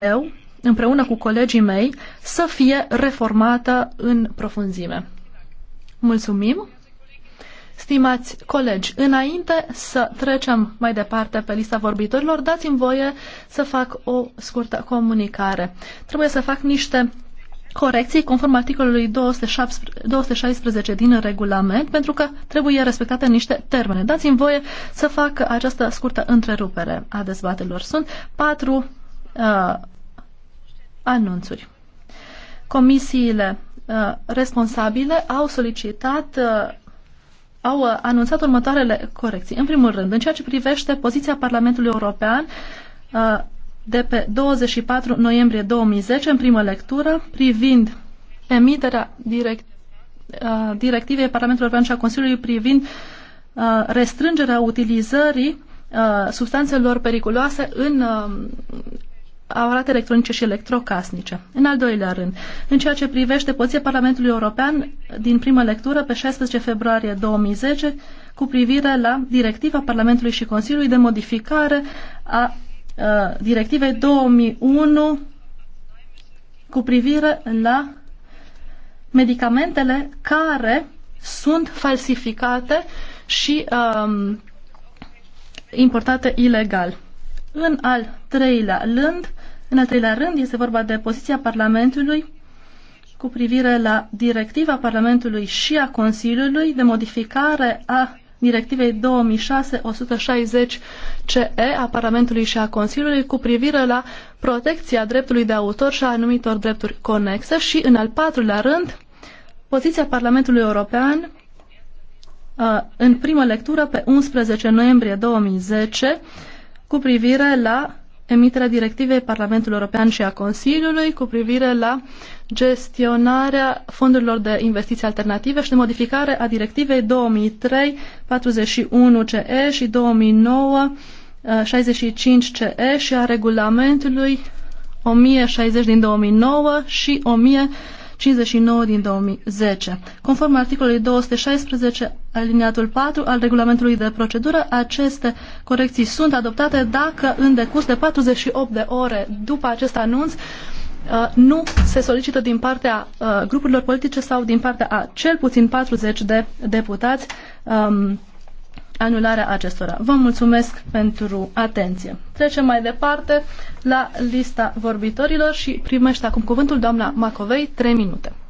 eu, împreună cu colegii mei, să fie reformată în profunzime. Mulțumim! Stimați colegi, înainte să trecem mai departe pe lista vorbitorilor, dați-mi voie să fac o scurtă comunicare. Trebuie să fac niște corecții conform articolului 216 din regulament, pentru că trebuie respectate niște termene. Dați-mi voie să fac această scurtă întrerupere a dezbatelor. Sunt patru uh, anunțuri. Comisiile uh, responsabile au solicitat uh, au uh, anunțat următoarele corecții. În primul rând, în ceea ce privește poziția Parlamentului European uh, de pe 24 noiembrie 2010, în primă lectură, privind emiterea direct, uh, directivei Parlamentului European și a Consiliului privind uh, restrângerea utilizării uh, substanțelor periculoase în um, aparate electronice și electrocasnice. În al doilea rând, în ceea ce privește poziția Parlamentului European din primă lectură pe 16 februarie 2010 cu privire la directiva Parlamentului și Consiliului de modificare a uh, directivei 2001 cu privire la medicamentele care sunt falsificate și um, importate ilegal. În al treilea rând, în al treilea rând este vorba de poziția Parlamentului cu privire la directiva Parlamentului și a Consiliului de modificare a directivei 2006-160 CE a Parlamentului și a Consiliului cu privire la protecția dreptului de autor și a anumitor drepturi conexe și, în al patrulea rând, poziția Parlamentului European uh, în primă lectură pe 11 noiembrie 2010 cu privire la emiterea directivei Parlamentului European și a Consiliului cu privire la gestionarea fondurilor de investiții alternative și de modificare a directivei 2003-41-CE și 2009-65-CE și a regulamentului 1060 din 2009 și 1000 59 din 2010. Conform articolului 216 aliniatul 4 al regulamentului de procedură, aceste corecții sunt adoptate dacă în decurs de 48 de ore după acest anunț uh, nu se solicită din partea uh, grupurilor politice sau din partea a cel puțin 40 de deputați um, anularea acestora. Vă mulțumesc pentru atenție. Trecem mai departe la lista vorbitorilor și primește acum cuvântul doamna Macovei, 3 minute.